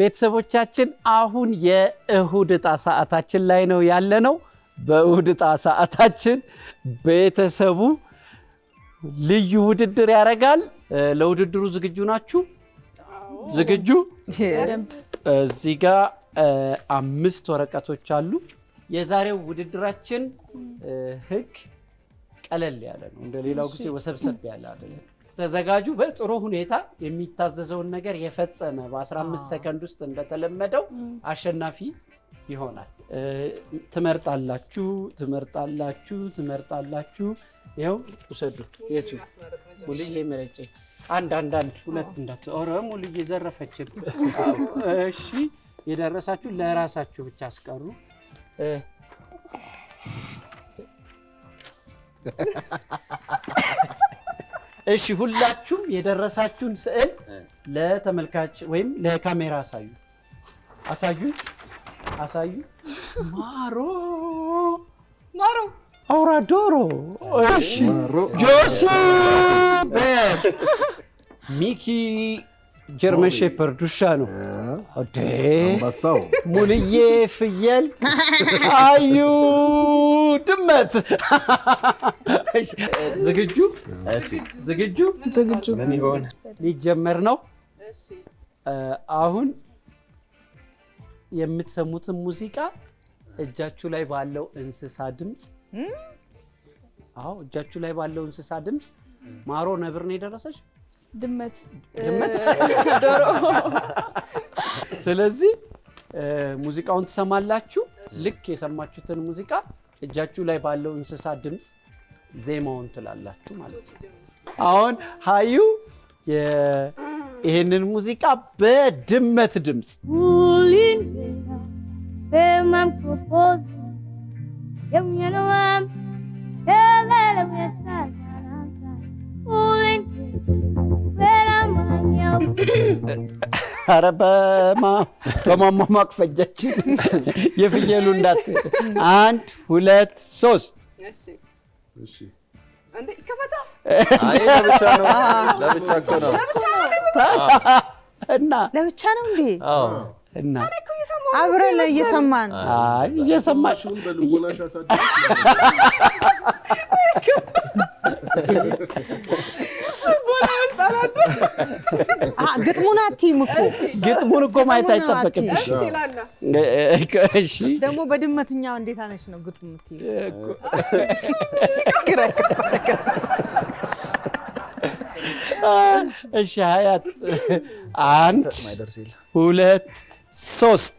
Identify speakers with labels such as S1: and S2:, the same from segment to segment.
S1: ቤተሰቦቻችን አሁን የእሁድ ዕጣ ሰዓታችን ላይ ነው ያለ ነው። በእሁድ ዕጣ ሰዓታችን ቤተሰቡ ልዩ ውድድር ያደርጋል። ለውድድሩ ዝግጁ ናችሁ? ዝግጁ? እዚህ ጋ አምስት ወረቀቶች አሉ። የዛሬው ውድድራችን ህግ ቀለል ያለ ነው። እንደ ሌላው ጊዜ ወሰብሰብ ያለ አይደለም። ተዘጋጁ። በጥሩ ሁኔታ የሚታዘዘውን ነገር የፈጸመ በ15 ሰከንድ ውስጥ እንደተለመደው አሸናፊ ይሆናል። ትመርጣላችሁ ትመርጣላችሁ ትመርጣላችሁ። ይኸው ውሰዱ። የቱ ሙልዬ መረጨ። አንድ አንዳንድ ሁለት እንዳት ኧረ ሙልዬ ዘረፈችን። እሺ የደረሳችሁ ለራሳችሁ ብቻ አስቀሩ። እሺ ሁላችሁም የደረሳችሁን ስዕል ለተመልካች ወይም ለካሜራ አሳዩ። አሳዩ አሳዩ። ማሮ ማሮ አውራ ዶሮ። እሺ ጆሲ ሚኪ ጀርመን ሼፐርድ ውሻ ነው። ሙልዬ ፍየል፣ አዩ ድመት። ዝግጁ ዝግጁ ዝግጁ ሊጀመር ነው። አሁን የምትሰሙትን ሙዚቃ እጃችሁ ላይ ባለው እንስሳ ድምፅ፣ አዎ እጃችሁ ላይ ባለው እንስሳ ድምፅ። ማሮ ነብር ነው የደረሰች ድመት፣ ዶሮ። ስለዚህ ሙዚቃውን ትሰማላችሁ። ልክ የሰማችሁትን ሙዚቃ እጃችሁ ላይ ባለው እንስሳ ድምፅ ዜማውን ትላላችሁ ማለት ነው። አሁን ሀዩ ይህንን ሙዚቃ በድመት ድምፅ አረ በማሟሟቅ ፈጃችን። የፍየሉ እንዳት አንድ ሁለት ሶስት እና
S2: ለብቻ ነው እንዴ? እና አብረን ላይ እየሰማን እየሰማሽ ግጥሙን አትይም እኮ
S1: ግጥሙን እኮ ማየት አይጠበቅብሽ።
S2: እሺ ደግሞ በድመትኛ እንዴት አነሽ ነው ግጥሙ
S1: እሺ ሀያት፣ አንድ ሁለት ሶስት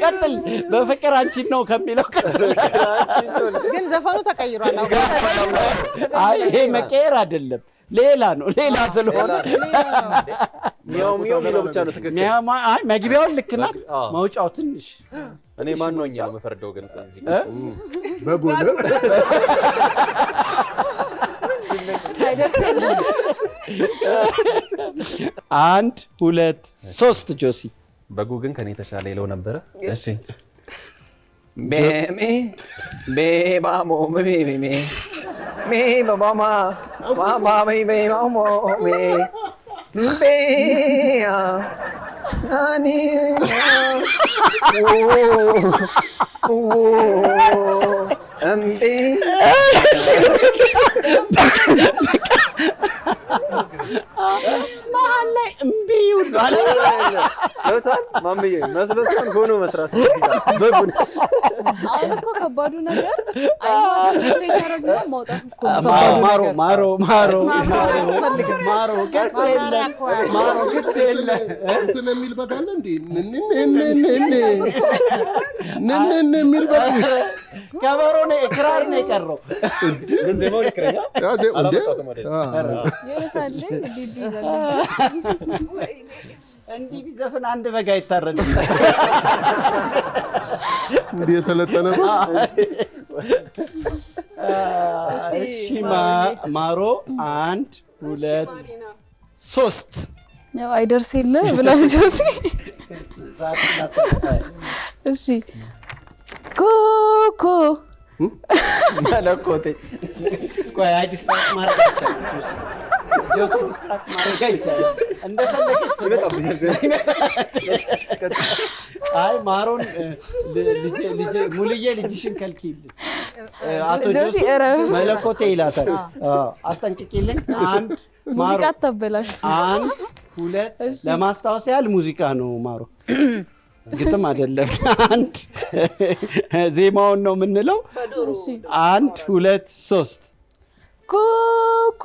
S1: ቀጥል በፍቅር አንቺን ነው ከሚለው
S2: ግን ዘፈኑ ተቀይሯል።
S1: አይ ይሄ መቀየር አይደለም፣ ሌላ ነው። ሌላ ስለሆነ ሚው መግቢያውን ልክ ናት፣ መውጫው ትንሽ
S3: እኔ ማን ነው የምፈርደው ግን
S1: አንድ ሁለት ሶስት ጆሲ
S3: በጉ ግን ከኔ የተሻለ ይለው ነበረ።
S1: እሺ ቤሜ ቤባሞ ቤቤሜ ቤባማ ባማ ቤባሞ ቤያ ናኒ
S2: እምቢ መሀል ላይ እምቢ ይውል
S3: ለውታል ማምዬ መስሎ ሲሆን ሆኖ መስራት በጉን
S2: አሁን እኮ ከባዱ ነገር
S1: ማሮ ማሮ ማሮ ማሮ ግድ የለ
S3: እንትን የሚል በግ አለ እንዴ? ንን የሚል በግ
S1: ከበሮ ነው ክራር ነው የቀረው እንዲህ ቢዘፍን አንድ በግ አይታረድም።
S3: እንዲህ የሰለጠነ
S1: እሺ። ማሮ አንድ ሁለት ሶስት
S2: ያው አይደርስ የለ ብላለች። እሺ ኮኮ
S1: መለኮቴ ቆይ አዲስ አይ ማሮን ሙልዬ ልጅሽን ከልኪልን አቶ ጆሲ መለኮቴ ይላታል። አስጠንቅቂልኝ። አንድ ሙዚቃ አታበላሽ። አንድ ሁለት። ለማስታወስ ያህል ሙዚቃ ነው ማሮ ግጥም አይደለም። አንድ ዜማውን ነው የምንለው። አንድ ሁለት ሶስት
S2: ኩኩ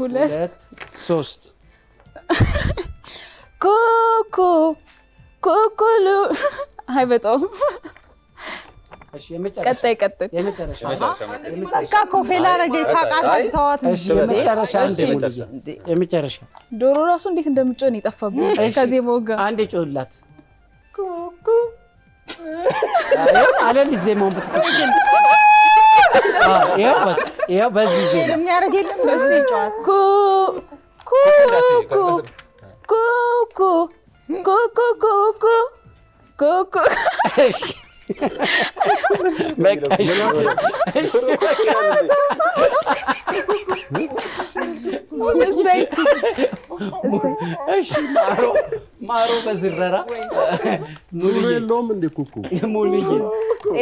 S1: ሁለት ሶስት
S2: ኩኩ ኩኩሉ አይበጣም። ቀጣይ ቀጣይ በቃ ኮፌላ ረገ ካቃጣት ሰዋት የመጨረሻ ዶሮ ራሱ እንዴት እንደምጮን የጠፋብኝ ከዜማው ጋር
S1: አንዴ ጮላት አለል ዜማውን በትክክል ይኸው በዚህ ማሮ በዝረራ
S3: ሙሉ የለውም እንደ ኩኩ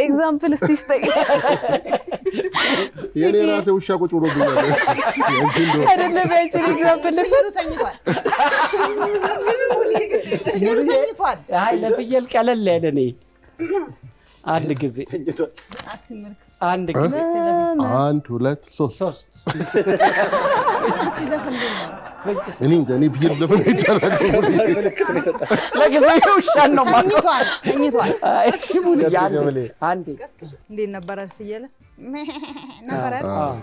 S2: ኤግዛምፕል እስቲ ስጠኝ
S3: የኔ ራሴ ውሻ ቁጭ ብሎ
S2: አይደለም
S1: ለፍየል ቀለል ያለ እኔ አንድ ጊዜ አንድ ጊዜ አንድ ሁለት ሶስት
S3: እኔ እንጃ እኔ ብዬሽ ዘፈን አይቻላችሁ።
S1: ውሻን ነው
S2: ማለት ነበረ ፍየለ ¿No ah.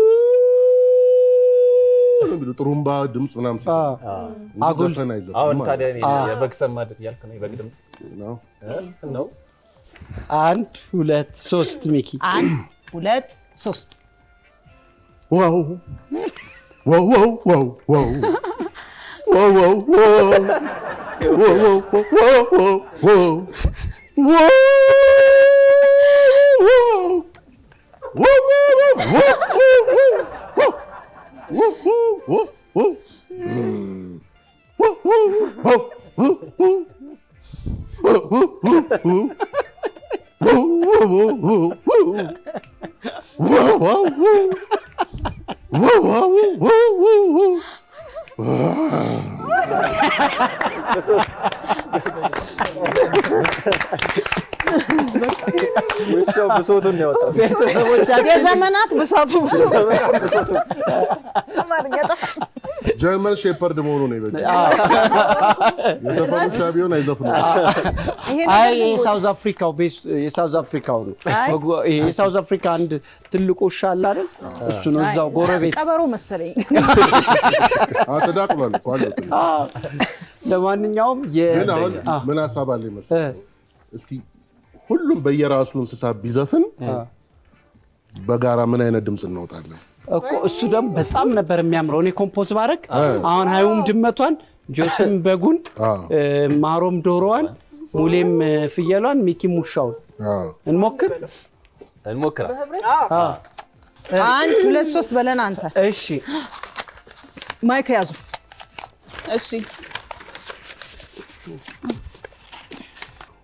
S3: ጥሩምባ ድምፅ ምናምን ዘፈን
S1: አይዘፈንም። አንድ ሁለት ሶስት ሚኪ
S2: አንድ ሁለት ሶስት
S3: woo, woo, woo, woo. Mm. Woo, woo, woo, woo, woo. Woo, woo, woo, woo. Woo, woo, woo, woo, woo. Woo, woo, woo. Woo, woo, woo, woo, woo, woo. this is... ውሻው ብሶቱን ነው ያወጣው።
S2: ቤተሰቦቻችን የዘመናት ብሶቱ ብሶቱ
S3: ጀርመን ሼፐርድ መሆኑ ነው ይበጃል። የሰፈር ውሻ ቢሆን አይዘፍንም።
S1: አይ የሳውዝ አፍሪካው የሳውዝ አፍሪካው ነው። የሳውዝ አፍሪካ አንድ ትልቁ ውሻ አለ አይደል? እሱ ነው እዛው ጎረቤት
S2: ቀበሮ መሰለኝ
S3: ተዳቅሏል።
S1: ለማንኛውም
S3: ምን ሀሳብ አለ መሰለኝ እስኪ ሁሉም በየራሱ እንስሳ ቢዘፍን በጋራ ምን አይነት ድምፅ እናወጣለን
S1: እኮ። እሱ ደግሞ በጣም ነበር የሚያምረው። እኔ ኮምፖዝ ባረግ አሁን ሀይውም ድመቷን፣ ጆስም በጉን፣ ማሮም ዶሮዋን፣ ሙሌም ፍየሏን፣ ሚኪም ውሻውን እንሞክር
S3: እንሞክራ
S2: አንድ ሁለት ሶስት በለን አንተ። እሺ ማይክ ያዙ። እሺ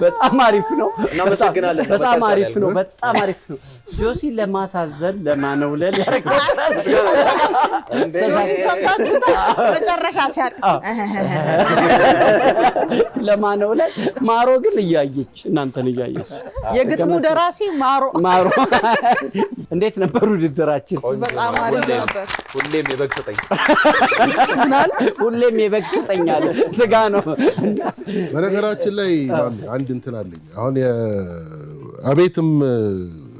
S1: በጣም አሪፍ ነው።
S3: እናመሰግናለን።
S1: በጣም አሪፍ ነው። በጣም አሪፍ ነው። ጆሲን ለማሳዘን ለማነውለል
S2: መጨረሻ ሲያልቅ
S1: ለማነውለል ማሮ ግን እያየች እናንተን እያየች
S2: የግጥሙ ደራሲ ማሮ ማሮ
S1: እንዴት ነበር ውድድራችን? በጣም አሪፍ
S3: ነበር። ሁሌም የበግ ስጠኝ
S1: ምናል ሁሌም የበግ ስጠኛለ ስጋ ነው።
S3: በነገራችን ላይ አንድ እንትን አለኝ አሁን አቤትም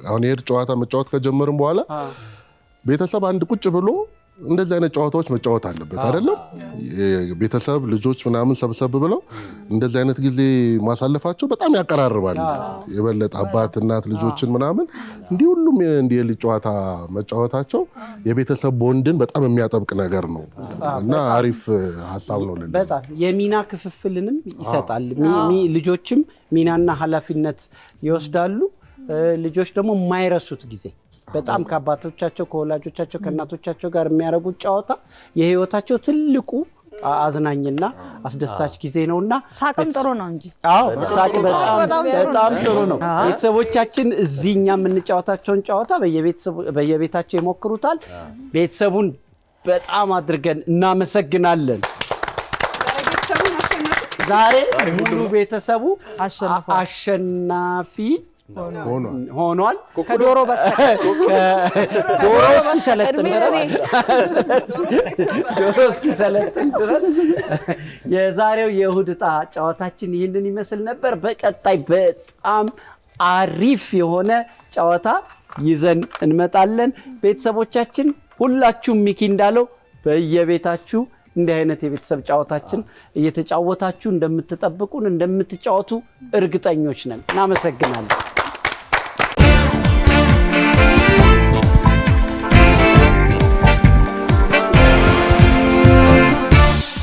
S3: አሁን የሄድ ጨዋታ መጫወት ከጀመርም በኋላ ቤተሰብ አንድ ቁጭ ብሎ እንደዚህ አይነት ጨዋታዎች መጫወት አለበት አይደለም። ቤተሰብ ልጆች ምናምን ሰብሰብ ብለው እንደዚህ አይነት ጊዜ ማሳለፋቸው በጣም ያቀራርባል። የበለጠ አባት እናት ልጆችን ምናምን እንዲህ ሁሉም እንዲህ የልጅ ጨዋታ መጫወታቸው የቤተሰብ ቦንድን በጣም የሚያጠብቅ ነገር ነው እና አሪፍ ሀሳብ ነው። በጣም
S1: የሚና ክፍፍልንም ይሰጣል። ልጆችም ሚናና ኃላፊነት ይወስዳሉ። ልጆች ደግሞ የማይረሱት ጊዜ በጣም ከአባቶቻቸው ከወላጆቻቸው ከእናቶቻቸው ጋር የሚያደርጉት ጨዋታ የህይወታቸው ትልቁ አዝናኝና አስደሳች ጊዜ ነው እና
S2: ሳቅም ጥሩ ነው እንጂ
S1: ሳቅ በጣም ጥሩ ነው። ቤተሰቦቻችን እዚህ እኛ የምንጫወታቸውን ጨዋታ በየቤታቸው ይሞክሩታል። ቤተሰቡን በጣም አድርገን እናመሰግናለን። ዛሬ ሙሉ ቤተሰቡ አሸናፊ ሆኗል። ከዶሮ እስኪሰለጥን ድረስ የዛሬው የእሁድ ዕጣ ጨዋታችን ይህንን ይመስል ነበር። በቀጣይ በጣም አሪፍ የሆነ ጨዋታ ይዘን እንመጣለን። ቤተሰቦቻችን ሁላችሁም ሚኪ እንዳለው በየቤታችሁ እንዲህ አይነት የቤተሰብ ጨዋታችን እየተጫወታችሁ እንደምትጠብቁን እንደምትጫወቱ እርግጠኞች ነን። እናመሰግናለን።